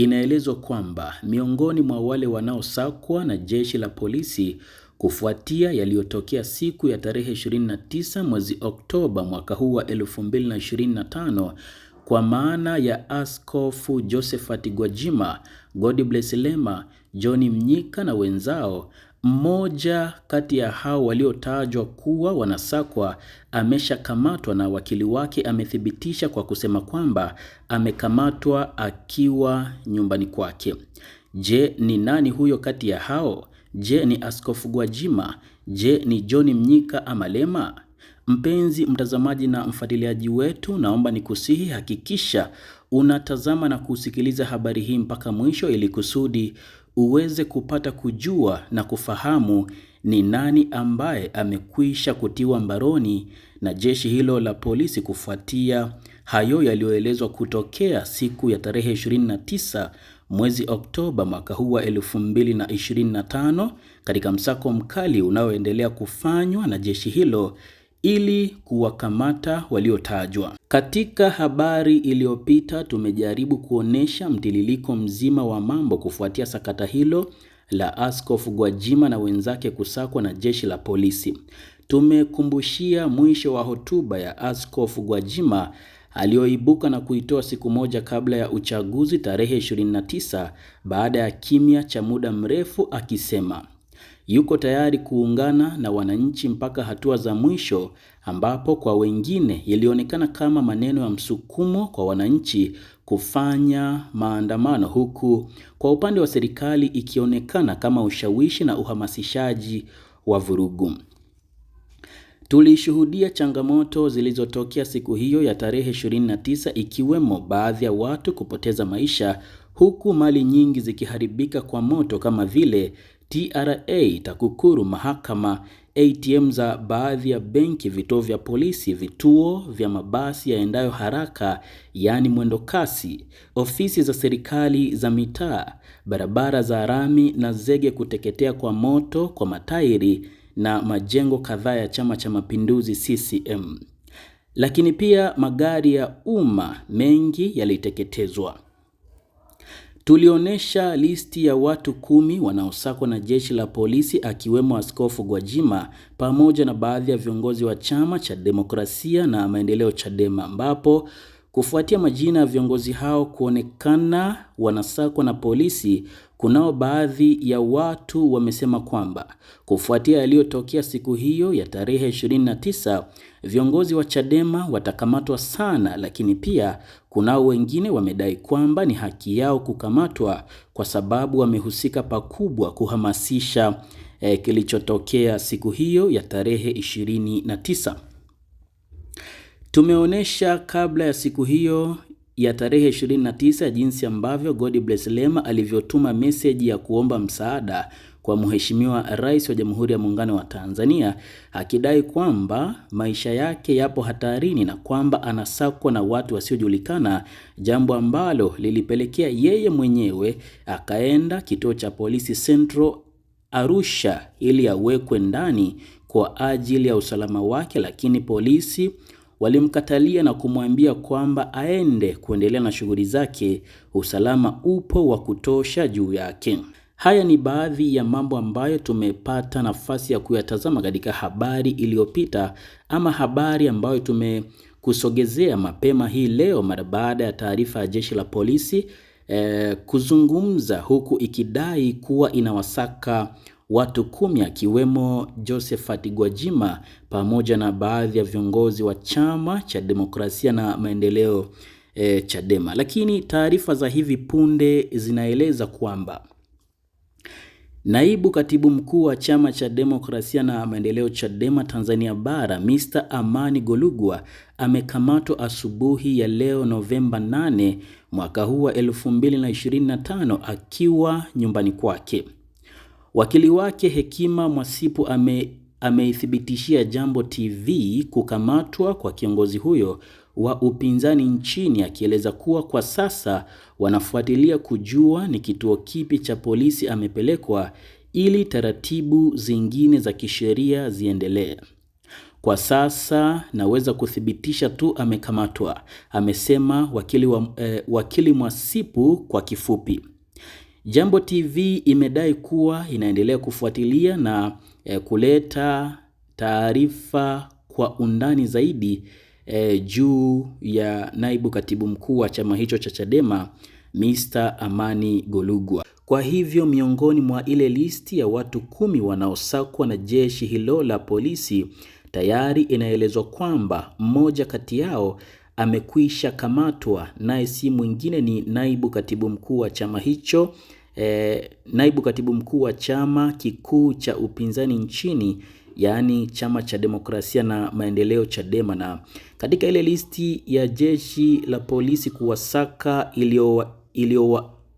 Inaelezwa kwamba miongoni mwa wale wanaosakwa na jeshi la polisi kufuatia yaliyotokea siku ya tarehe 29 mwezi Oktoba mwaka huu wa 2025 kwa maana ya Askofu Josephat Gwajima, bless Lema, John Mnyika na wenzao mmoja kati ya hao waliotajwa kuwa wanasakwa ameshakamatwa na wakili wake amethibitisha kwa kusema kwamba amekamatwa akiwa nyumbani kwake. Je, ni nani huyo kati ya hao? Je, ni Askofu Gwajima? Je, ni John Mnyika ama Lema? Mpenzi mtazamaji na mfuatiliaji wetu, naomba nikusihi, hakikisha unatazama na kusikiliza habari hii mpaka mwisho ili kusudi uweze kupata kujua na kufahamu ni nani ambaye amekwisha kutiwa mbaroni na jeshi hilo la polisi kufuatia hayo yaliyoelezwa kutokea siku ya tarehe 29 mwezi Oktoba mwaka huu wa 2025 katika msako mkali unaoendelea kufanywa na jeshi hilo ili kuwakamata waliotajwa. Katika habari iliyopita, tumejaribu kuonesha mtiririko mzima wa mambo kufuatia sakata hilo la Askofu Gwajima na wenzake kusakwa na jeshi la polisi. Tumekumbushia mwisho wa hotuba ya Askofu Gwajima aliyoibuka na kuitoa siku moja kabla ya uchaguzi tarehe 29 baada ya kimya cha muda mrefu akisema Yuko tayari kuungana na wananchi mpaka hatua za mwisho, ambapo kwa wengine yalionekana kama maneno ya msukumo kwa wananchi kufanya maandamano, huku kwa upande wa serikali ikionekana kama ushawishi na uhamasishaji wa vurugu. Tulishuhudia changamoto zilizotokea siku hiyo ya tarehe 29 ikiwemo baadhi ya watu kupoteza maisha huku mali nyingi zikiharibika kwa moto kama vile TRA, TAKUKURU, mahakama, ATM za baadhi ya benki, vituo vya polisi, vituo vya mabasi yaendayo haraka yaani mwendo kasi, ofisi za serikali za mitaa, barabara za rami na zege kuteketea kwa moto kwa matairi na majengo kadhaa ya Chama cha Mapinduzi CCM. Lakini pia magari ya umma mengi yaliteketezwa. Tulionyesha listi ya watu kumi wanaosakwa na jeshi la polisi akiwemo Askofu Gwajima pamoja na baadhi ya viongozi wa Chama cha Demokrasia na Maendeleo, Chadema, ambapo Kufuatia majina ya viongozi hao kuonekana wanasakwa na polisi, kunao baadhi ya watu wamesema kwamba kufuatia yaliyotokea siku hiyo ya tarehe 29, viongozi wa Chadema watakamatwa sana, lakini pia kunao wengine wamedai kwamba ni haki yao kukamatwa kwa sababu wamehusika pakubwa kuhamasisha eh, kilichotokea siku hiyo ya tarehe 29. Tumeonyesha kabla ya siku hiyo ya tarehe 29 jinsi ambavyo God bless Lema alivyotuma meseji ya kuomba msaada kwa Mheshimiwa Rais wa Jamhuri ya Muungano wa Tanzania akidai kwamba maisha yake yapo hatarini na kwamba anasakwa na watu wasiojulikana, jambo ambalo lilipelekea yeye mwenyewe akaenda kituo cha polisi Central Arusha ili awekwe ndani kwa ajili ya usalama wake, lakini polisi walimkatalia na kumwambia kwamba aende kuendelea na shughuli zake, usalama upo wa kutosha juu yake. Haya ni baadhi ya mambo ambayo tumepata nafasi ya kuyatazama katika habari iliyopita ama habari ambayo tumekusogezea mapema hii leo mara baada ya taarifa ya jeshi la polisi eh, kuzungumza huku ikidai kuwa inawasaka watu kumi akiwemo Josephat Gwajima pamoja na baadhi ya viongozi wa chama cha demokrasia na maendeleo e, Chadema. Lakini taarifa za hivi punde zinaeleza kwamba Naibu Katibu Mkuu wa Chama cha Demokrasia na Maendeleo Chadema Tanzania Bara, Mr. Amani Golugwa amekamatwa asubuhi ya leo Novemba 8 mwaka huu wa 2025 akiwa nyumbani kwake. Wakili wake Hekima Mwasipu ame ameithibitishia Jambo TV kukamatwa kwa kiongozi huyo wa upinzani nchini akieleza kuwa kwa sasa wanafuatilia kujua ni kituo kipi cha polisi amepelekwa ili taratibu zingine za kisheria ziendelee. Kwa sasa naweza kuthibitisha tu amekamatwa, amesema wakili, wa, eh, wakili Mwasipu kwa kifupi. Jambo TV imedai kuwa inaendelea kufuatilia na e, kuleta taarifa kwa undani zaidi e, juu ya naibu katibu mkuu wa chama hicho cha Chadema Mr. Amani Golugwa. Kwa hivyo miongoni mwa ile listi ya watu kumi wanaosakwa na jeshi hilo la polisi tayari inaelezwa kwamba mmoja kati yao amekwisha kamatwa, naye si mwingine ni naibu katibu mkuu wa chama hicho e, naibu katibu mkuu wa chama kikuu cha upinzani nchini yaani chama cha demokrasia na maendeleo Chadema, na katika ile listi ya jeshi la polisi kuwasaka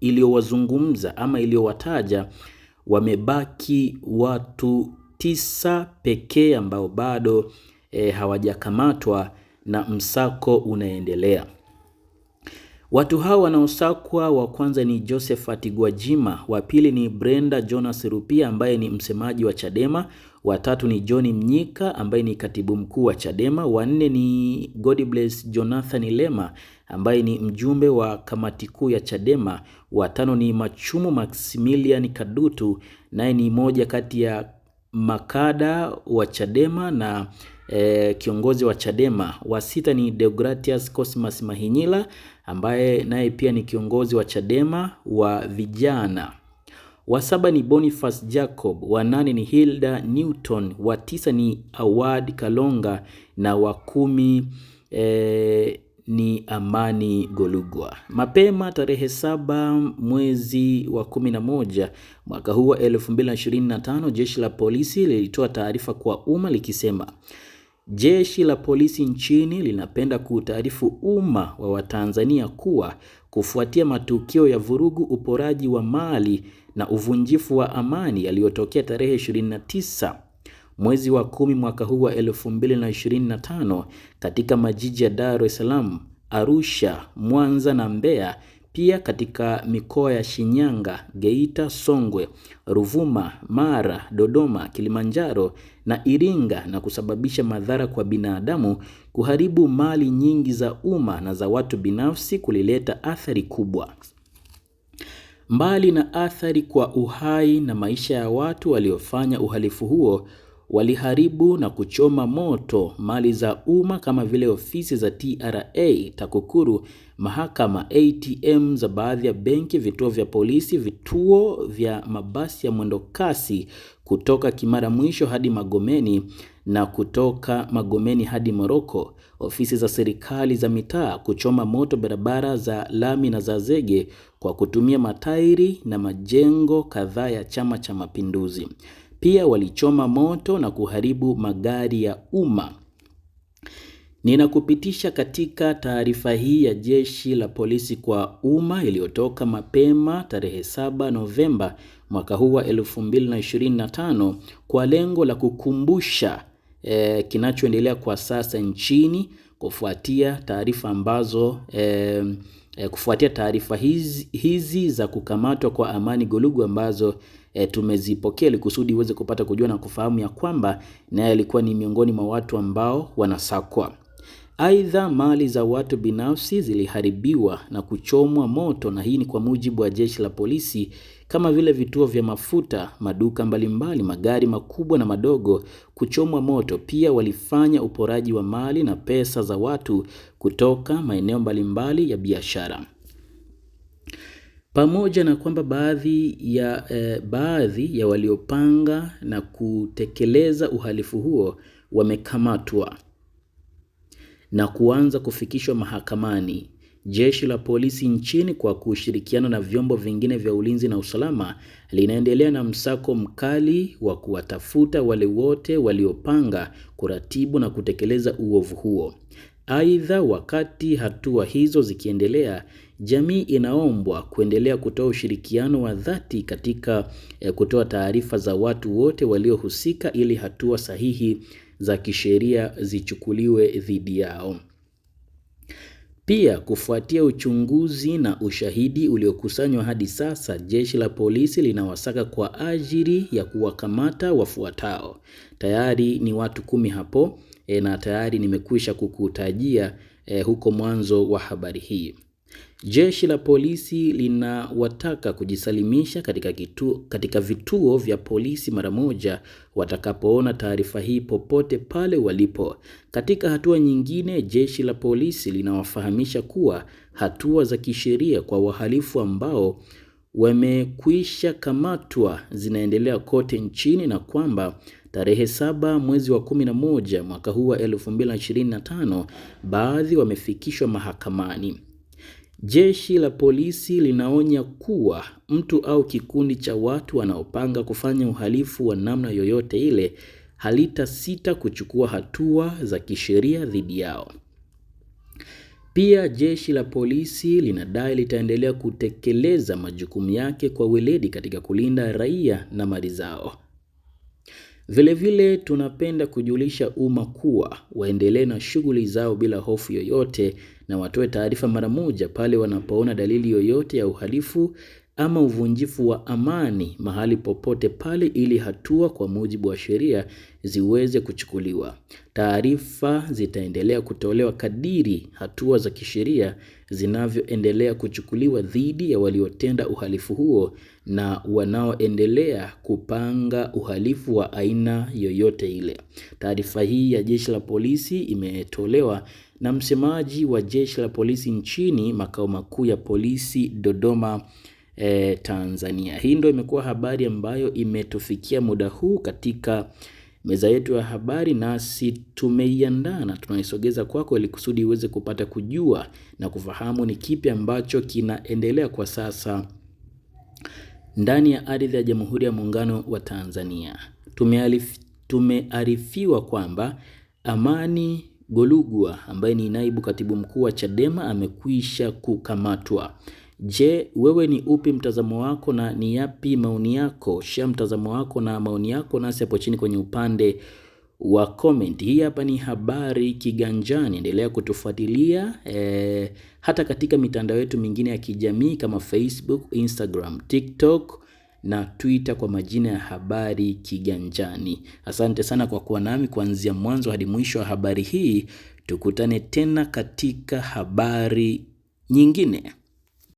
iliyowazungumza ama iliyowataja wamebaki watu tisa pekee ambao bado e, hawajakamatwa na msako unaendelea. Watu hao wanaosakwa wa kwanza ni Josephat Gwajima, wa pili ni Brenda Jonas Rupia ambaye ni msemaji wa Chadema, wa tatu ni John Mnyika ambaye ni katibu mkuu wa Chadema, wa nne ni Godbless Jonathan Lema ambaye ni mjumbe wa kamati kuu ya Chadema, wa tano ni Machumu Maximilian Kadutu naye ni moja kati ya makada wa Chadema na e, kiongozi wa Chadema. Wa sita ni Deogratias Cosmas Mahinyila ambaye naye pia ni kiongozi wa Chadema wa vijana. Wa saba ni Boniface Jacob, wa nane ni Hilda Newton, wa tisa ni Awad Kalonga na wa kumi e, ni Amani Golugwa. Mapema tarehe saba mwezi wa kumi na moja mwaka huu wa 2025 jeshi la polisi lilitoa taarifa kwa umma likisema Jeshi la polisi nchini linapenda kuutaarifu umma wa Watanzania kuwa kufuatia matukio ya vurugu, uporaji wa mali na uvunjifu wa amani yaliyotokea tarehe 29 mwezi wa kumi mwaka huu wa 2025 katika majiji ya Dar es Salaam, Arusha, Mwanza na Mbeya pia katika mikoa ya Shinyanga, Geita, Songwe, Ruvuma, Mara, Dodoma, Kilimanjaro na Iringa na kusababisha madhara kwa binadamu, kuharibu mali nyingi za umma na za watu binafsi, kulileta athari kubwa. Mbali na athari kwa uhai na maisha ya watu waliofanya uhalifu huo, waliharibu na kuchoma moto mali za umma kama vile ofisi za TRA, TAKUKURU, mahakama, ATM za baadhi ya benki, vituo vya polisi, vituo vya mabasi ya mwendokasi kutoka Kimara Mwisho hadi Magomeni na kutoka Magomeni hadi Moroko, ofisi za serikali za mitaa, kuchoma moto barabara za lami na za zege kwa kutumia matairi na majengo kadhaa ya Chama cha Mapinduzi. Pia walichoma moto na kuharibu magari ya umma. Ninakupitisha katika taarifa hii ya Jeshi la Polisi kwa umma iliyotoka mapema tarehe 7 Novemba mwaka huu wa 2025 kwa lengo la kukumbusha eh, kinachoendelea kwa sasa nchini kufuatia taarifa ambazo eh, eh kufuatia taarifa hizi, hizi za kukamatwa kwa Amani gulugu ambazo e, tumezipokea ili kusudi uweze kupata kujua na kufahamu ya kwamba naye alikuwa ni miongoni mwa watu ambao wanasakwa. Aidha, mali za watu binafsi ziliharibiwa na kuchomwa moto, na hii ni kwa mujibu wa jeshi la polisi, kama vile vituo vya mafuta, maduka mbalimbali, magari makubwa na madogo kuchomwa moto. Pia walifanya uporaji wa mali na pesa za watu kutoka maeneo mbalimbali ya biashara. Pamoja na kwamba baadhi ya, eh, baadhi ya waliopanga na kutekeleza uhalifu huo wamekamatwa na kuanza kufikishwa mahakamani. Jeshi la polisi nchini kwa kushirikiana na vyombo vingine vya ulinzi na usalama linaendelea na msako mkali wa kuwatafuta wale wote waliopanga, kuratibu na kutekeleza uovu huo. Aidha, wakati hatua hizo zikiendelea, Jamii inaombwa kuendelea kutoa ushirikiano wa dhati katika eh, kutoa taarifa za watu wote waliohusika ili hatua sahihi za kisheria zichukuliwe dhidi yao. Pia, kufuatia uchunguzi na ushahidi uliokusanywa hadi sasa, Jeshi la Polisi linawasaka kwa ajili ya kuwakamata wafuatao. Tayari ni watu kumi hapo e, na tayari nimekwisha kukutajia e, huko mwanzo wa habari hii. Jeshi la polisi linawataka kujisalimisha katika, kituo, katika vituo vya polisi mara moja watakapoona taarifa hii popote pale walipo. Katika hatua nyingine, jeshi la polisi linawafahamisha kuwa hatua za kisheria kwa wahalifu ambao wamekwisha kamatwa zinaendelea kote nchini na kwamba tarehe saba mwezi wa 11 mwaka huu wa 2025 baadhi wamefikishwa mahakamani. Jeshi la polisi linaonya kuwa mtu au kikundi cha watu wanaopanga kufanya uhalifu wa namna yoyote ile halitasita kuchukua hatua za kisheria dhidi yao. Pia jeshi la polisi linadai litaendelea kutekeleza majukumu yake kwa weledi katika kulinda raia na mali zao. Vilevile tunapenda kujulisha umma kuwa waendelee na shughuli zao bila hofu yoyote na watoe taarifa mara moja pale wanapoona dalili yoyote ya uhalifu ama uvunjifu wa amani mahali popote pale ili hatua kwa mujibu wa sheria ziweze kuchukuliwa. Taarifa zitaendelea kutolewa kadiri hatua za kisheria zinavyoendelea kuchukuliwa dhidi ya waliotenda uhalifu huo na wanaoendelea kupanga uhalifu wa aina yoyote ile. Taarifa hii ya jeshi la polisi imetolewa na msemaji wa jeshi la polisi nchini, makao makuu ya polisi Dodoma, eh, Tanzania. Hii ndio imekuwa habari ambayo imetufikia muda huu katika meza yetu ya habari, nasi tumeiandaa na tunaisogeza kwako ili kusudi iweze kupata kujua na kufahamu ni kipi ambacho kinaendelea kwa sasa ndani ya ardhi ya Jamhuri ya Muungano wa Tanzania. Tumearif, tumearifiwa kwamba Amani Golugwa ambaye ni naibu katibu mkuu wa Chadema amekwisha kukamatwa. Je, wewe ni upi mtazamo wako na ni yapi maoni yako? Shia mtazamo wako na maoni yako nasi hapo chini kwenye upande wa comment. Hii hapa ni Habari Kiganjani, endelea kutufuatilia e, hata katika mitandao yetu mingine ya kijamii kama Facebook, Instagram, TikTok na Twitter kwa majina ya Habari Kiganjani. Asante sana kwa kuwa nami kuanzia mwanzo hadi mwisho wa habari hii. Tukutane tena katika habari nyingine.